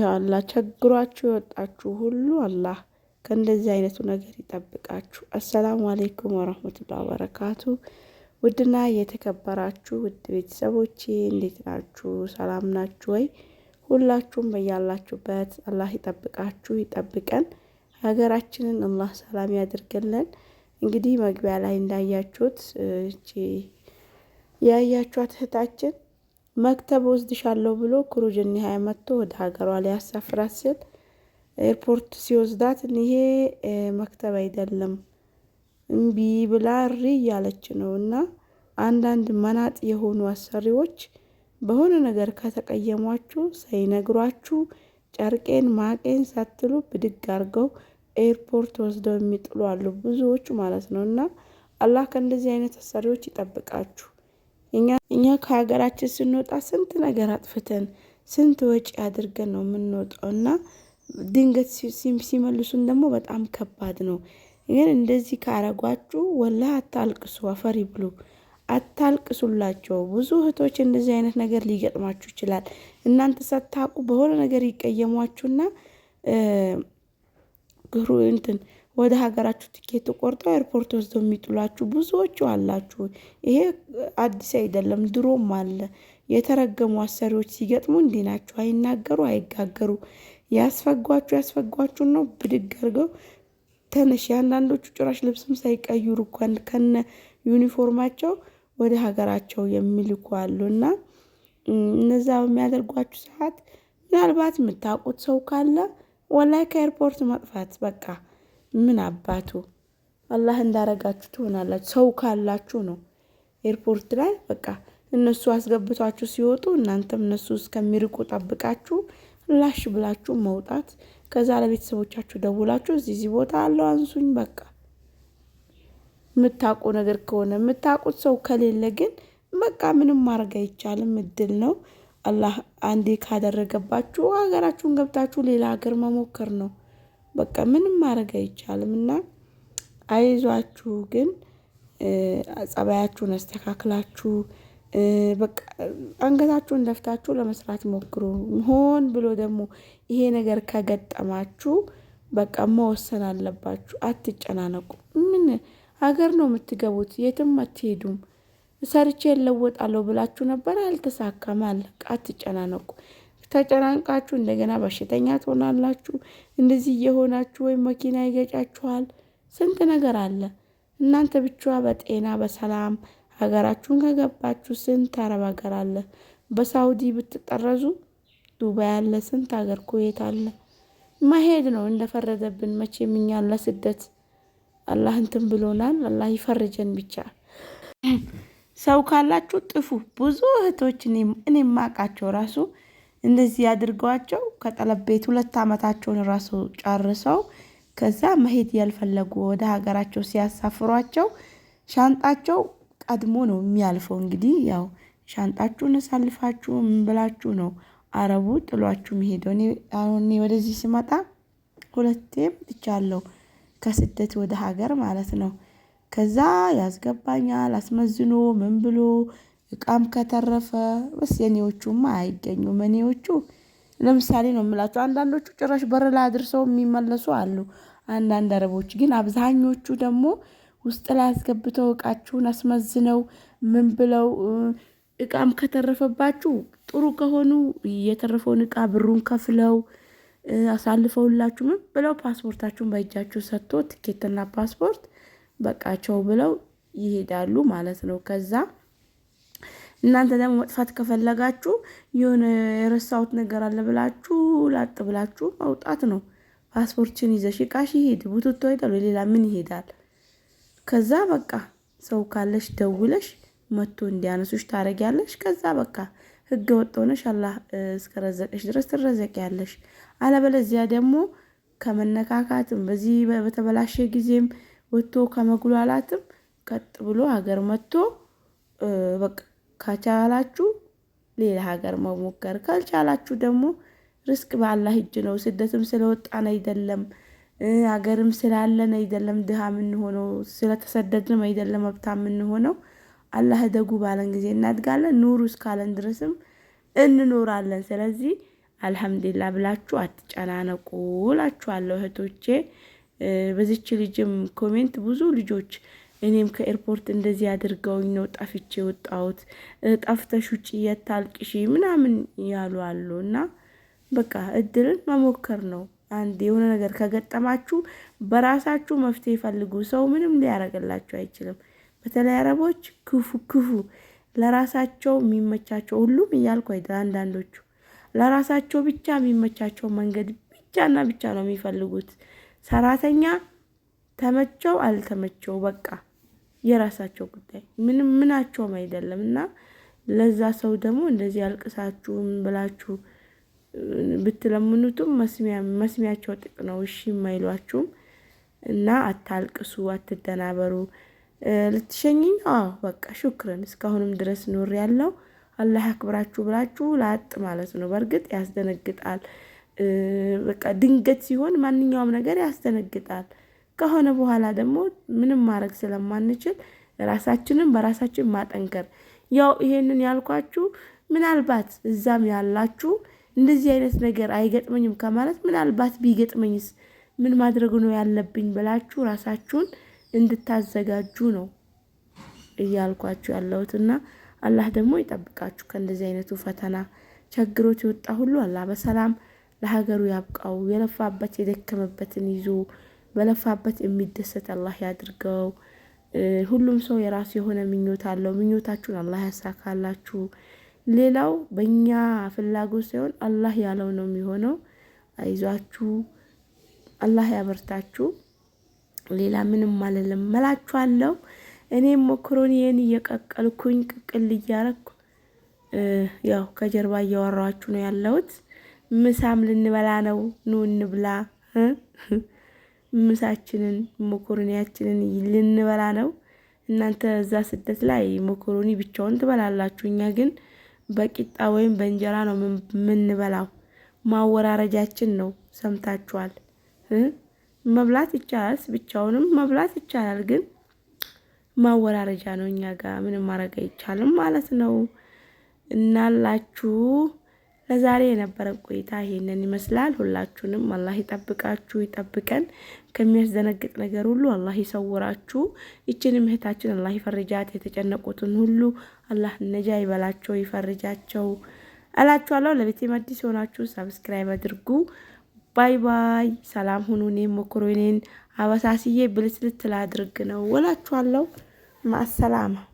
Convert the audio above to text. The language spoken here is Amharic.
ያ አላህ ቸግሯችሁ የወጣችሁ ሁሉ አላህ ከእንደዚህ አይነቱ ነገር ይጠብቃችሁ። አሰላሙ አሌይኩም ወረህመቱላ ወበረካቱ። ውድና የተከበራችሁ ውድ ቤተሰቦቼ እንዴት ናችሁ? ሰላም ናችሁ ወይ? ሁላችሁም በያላችሁበት አላህ ይጠብቃችሁ፣ ይጠብቀን። ሀገራችንን አላህ ሰላም ያድርግልን። እንግዲህ መግቢያ ላይ እንዳያችሁት እቺ ያያችኋት እህታችን መክተብ ወስድሻለሁ ብሎ ኩሩጅን ኒሃ መጥቶ ወደ ሀገሯ ሊያሳፍራት ሲል ኤርፖርት ሲወስዳት ይሄ መክተብ አይደለም እምቢ ብላ ሪ እያለች ነው። እና አንዳንድ መናጥ የሆኑ አሰሪዎች በሆነ ነገር ከተቀየሟችሁ ሳይነግሯችሁ ጨርቄን ማቄን ሳትሉ ብድግ አርገው ኤርፖርት ወስደው የሚጥሉ አሉ ብዙዎቹ ማለት ነው። እና አላህ ከእንደዚህ አይነት አሰሪዎች ይጠብቃችሁ። እኛ ከሀገራችን ስንወጣ ስንት ነገር አጥፍተን ስንት ወጪ አድርገን ነው የምንወጣው እና ድንገት ሲመልሱን ደግሞ በጣም ከባድ ነው። ግን እንደዚህ ካረጓችሁ ወላ አታልቅሱ፣ አፈሪ ብሉ፣ አታልቅሱላቸው። ብዙ እህቶች እንደዚህ አይነት ነገር ሊገጥማችሁ ይችላል። እናንተ ሳታውቁ በሆነ ነገር ይቀየሟችሁና ግሩ እንትን ወደ ሀገራችሁ ትኬት ቆርጠው ኤርፖርት ወስደው የሚጥሏችሁ ብዙዎቹ አላችሁ። ይሄ አዲስ አይደለም፣ ድሮም አለ። የተረገሙ አሰሪዎች ሲገጥሙ እንዲህ ናቸው። አይናገሩ፣ አይጋገሩ፣ ያስፈጓችሁ ያስፈጓችሁን ነው ብድግ አድርገው ተነሽ። የአንዳንዶቹ ጭራሽ ልብስም ሳይቀይሩ እንኳን ከነ ዩኒፎርማቸው ወደ ሀገራቸው የሚልኩ አሉ እና እነዛ በሚያደርጓችሁ ሰዓት ምናልባት የምታውቁት ሰው ካለ ወላይ ከኤርፖርት መጥፋት በቃ ምን አባቱ አላህ እንዳረጋችሁ ትሆናላችሁ። ሰው ካላችሁ ነው። ኤርፖርት ላይ በቃ እነሱ አስገብቷችሁ ሲወጡ እናንተም እነሱ እስከሚርቁ ጠብቃችሁ ላሽ ብላችሁ መውጣት፣ ከዛ ለቤተሰቦቻችሁ ደውላችሁ እዚህ እዚህ ቦታ አለው አንሱኝ። በቃ የምታውቁ ነገር ከሆነ የምታውቁት ሰው ከሌለ ግን በቃ ምንም ማድረግ አይቻልም። እድል ነው። አላህ አንዴ ካደረገባችሁ ሀገራችሁን ገብታችሁ ሌላ ሀገር መሞከር ነው። በቃ ምንም ማድረግ አይቻልም። እና አይዟችሁ ግን ጸባያችሁን አስተካክላችሁ አንገታችሁን ደፍታችሁ ለመስራት ሞክሩ። ሆን ብሎ ደግሞ ይሄ ነገር ከገጠማችሁ በቃ መወሰን አለባችሁ። አትጨናነቁ። ምን ሀገር ነው የምትገቡት? የትም አትሄዱም። ሰርቼ እለወጣለሁ ብላችሁ ነበር፣ አልተሳካም። አለ አትጨናነቁ። ተጨናንቃችሁ እንደገና በሽተኛ ትሆናላችሁ። እንደዚህ እየሆናችሁ ወይም መኪና ይገጫችኋል። ስንት ነገር አለ። እናንተ ብቻ በጤና በሰላም ሀገራችሁን ከገባችሁ ስንት አረብ ሀገር አለ። በሳውዲ ብትጠረዙ ዱባይ አለ፣ ስንት ሀገር ኩዌት አለ። መሄድ ነው እንደፈረደብን። መቼም እኛን ለስደት አላህ እንትን ብሎናል። አላህ ይፈርጀን ብቻ። ሰው ካላችሁ ጥፉ። ብዙ እህቶች እኔ ማቃቸው ራሱ እንደዚህ አድርገዋቸው ከጠለብ ቤት ሁለት ዓመታቸውን ራሱ ጨርሰው ከዛ መሄድ ያልፈለጉ ወደ ሀገራቸው ሲያሳፍሯቸው ሻንጣቸው ቀድሞ ነው የሚያልፈው። እንግዲህ ያው ሻንጣችሁን አሳልፋችሁ ምን ብላችሁ ነው አረቡ ጥሏችሁ የሚሄደው? አሁን ወደዚህ ስመጣ ሁለቴ መጥቻለሁ፣ ከስደት ወደ ሀገር ማለት ነው። ከዛ ያስገባኛል አስመዝኖ ምን ብሎ እቃም ከተረፈ በስ የኔዎቹማ አይገኙም። የኔዎቹ ለምሳሌ ነው የምላቸው አንዳንዶቹ ጭራሽ በር ላይ አድርሰው የሚመለሱ አሉ። አንዳንድ አረቦች ግን አብዛኞቹ ደግሞ ውስጥ ላይ አስገብተው እቃችሁን አስመዝነው ምን ብለው እቃም ከተረፈባችሁ ጥሩ ከሆኑ የተረፈውን እቃ ብሩን ከፍለው አሳልፈውላችሁ ምን ብለው ፓስፖርታችሁን በእጃችሁ ሰጥቶ ትኬትና ፓስፖርት በቃቸው ብለው ይሄዳሉ ማለት ነው ከዛ እናንተ ደግሞ መጥፋት ከፈለጋችሁ የሆነ የረሳሁት ነገር አለ ብላችሁ ላጥ ብላችሁ መውጣት ነው። ፓስፖርትሽን ይዘሽ እቃሽ ይሄድ ቡትቶ ይጠሉ ሌላ ምን ይሄዳል? ከዛ በቃ ሰው ካለሽ ደውለሽ መቶ እንዲያነሱሽ ታረጊያለሽ። ከዛ በቃ ህገ ወጥ ሆነሽ አላህ እስከረዘቀሽ ድረስ ትረዘቂያለሽ። አለበለዚያ ደግሞ ከመነካካትም በዚህ በተበላሸ ጊዜም ወጥቶ ከመጉላላትም ቀጥ ብሎ ሀገር መጥቶ በቃ ከቻላችሁ ሌላ ሀገር መሞከር ካልቻላችሁ ደግሞ ርስቅ በአላህ እጅ ነው። ስደትም ስለወጣን አይደለም፣ ሀገርም ስላለን አይደለም፣ ድሃ የምንሆነው ስለተሰደድንም አይደለም፣ መብታ የምንሆነው አላህ ደጉ ባለን ጊዜ እናድጋለን፣ ኑሩ እስካለን ድረስም እንኖራለን። ስለዚህ አልሐምዱሊላ ብላችሁ አትጨናነቁ እላችኋለሁ እህቶቼ። በዚች ልጅም ኮሜንት ብዙ ልጆች እኔም ከኤርፖርት እንደዚህ አድርገውኝ ነው ጠፍቼ ወጣሁት። ጠፍተሽ ውጭ የታልቅሽ ምናምን ያሉ አሉ እና በቃ እድልን መሞከር ነው። አንድ የሆነ ነገር ከገጠማችሁ በራሳችሁ መፍትሄ ፈልጉ። ሰው ምንም ሊያረገላችሁ አይችልም። በተለይ አረቦች ክፉ ክፉ ለራሳቸው የሚመቻቸው ሁሉም እያልኩ አይደል፣ አንዳንዶቹ ለራሳቸው ብቻ የሚመቻቸው መንገድ ብቻና ብቻ ነው የሚፈልጉት። ሰራተኛ ተመቸው አልተመቸው በቃ የራሳቸው ጉዳይ ምንም ምናቸውም አይደለም። እና ለዛ ሰው ደግሞ እንደዚህ አልቅሳችሁም ብላችሁ ብትለምኑትም መስሚያቸው ጥቅ ነው፣ እሺ የማይሏችሁም። እና አታልቅሱ፣ አትደናበሩ። ልትሸኝኝ? አዎ በቃ ሹክርን፣ እስካሁንም ድረስ ኖር ያለው አላህ አክብራችሁ ብላችሁ ላጥ ማለት ነው። በእርግጥ ያስደነግጣል። በቃ ድንገት ሲሆን ማንኛውም ነገር ያስደነግጣል። ከሆነ በኋላ ደግሞ ምንም ማድረግ ስለማንችል ራሳችንን በራሳችን ማጠንከር። ያው ይሄንን ያልኳችሁ ምናልባት እዛም ያላችሁ እንደዚህ አይነት ነገር አይገጥመኝም ከማለት ምናልባት ቢገጥመኝስ ምን ማድረግ ነው ያለብኝ ብላችሁ ራሳችሁን እንድታዘጋጁ ነው እያልኳችሁ ያለሁትና አላህ ደግሞ ይጠብቃችሁ ከእንደዚህ አይነቱ ፈተና። ችግሮች የወጣ ሁሉ አላህ በሰላም ለሀገሩ ያብቃው። የለፋበት የደከመበትን ይዞ በለፋበት የሚደሰት አላህ ያድርገው። ሁሉም ሰው የራሱ የሆነ ምኞት አለው። ምኞታችሁን አላህ ያሳካላችሁ። ሌላው በእኛ ፍላጎት ሳይሆን አላህ ያለው ነው የሚሆነው። አይዟችሁ፣ አላህ ያበርታችሁ። ሌላ ምንም አልልም እላችኋለሁ። እኔም ሞክሮኒዬን እየቀቀልኩኝ ቅቅል እያረኩ ያው ከጀርባ እያወራኋችሁ ነው ያለሁት። ምሳም ልንበላ ነው። ኑ እንብላ። ምሳችንን ሞኮሮኒያችንን ልንበላ ነው። እናንተ እዛ ስደት ላይ ሞኮሮኒ ብቻውን ትበላላችሁ። እኛ ግን በቂጣ ወይም በእንጀራ ነው የምንበላው። ማወራረጃችን ነው። ሰምታችኋል። መብላት ይቻላል፣ ብቻውንም መብላት ይቻላል። ግን ማወራረጃ ነው። እኛ ጋር ምንም ማድረግ አይቻልም ማለት ነው እናላችሁ ለዛሬ የነበረ ቆይታ ይሄንን ይመስላል። ሁላችሁንም አላህ ይጠብቃችሁ፣ ይጠብቀን ከሚያስደነግጥ ነገር ሁሉ አላህ ይሰውራችሁ። ይችንም እህታችን አላህ ይፈርጃት። የተጨነቁትን ሁሉ አላህ ነጃ ይበላቸው፣ ይፈርጃቸው እላችኋለሁ። ለቤቴም አዲስ የሆናችሁ ሰብስክራይብ አድርጉ። ባይ ባይ። ሰላም ሁኑ። እኔም መኮሮኔን አበሳስዬ ብልስልት ላድርግ ነው እላችኋለሁ። ማሰላማ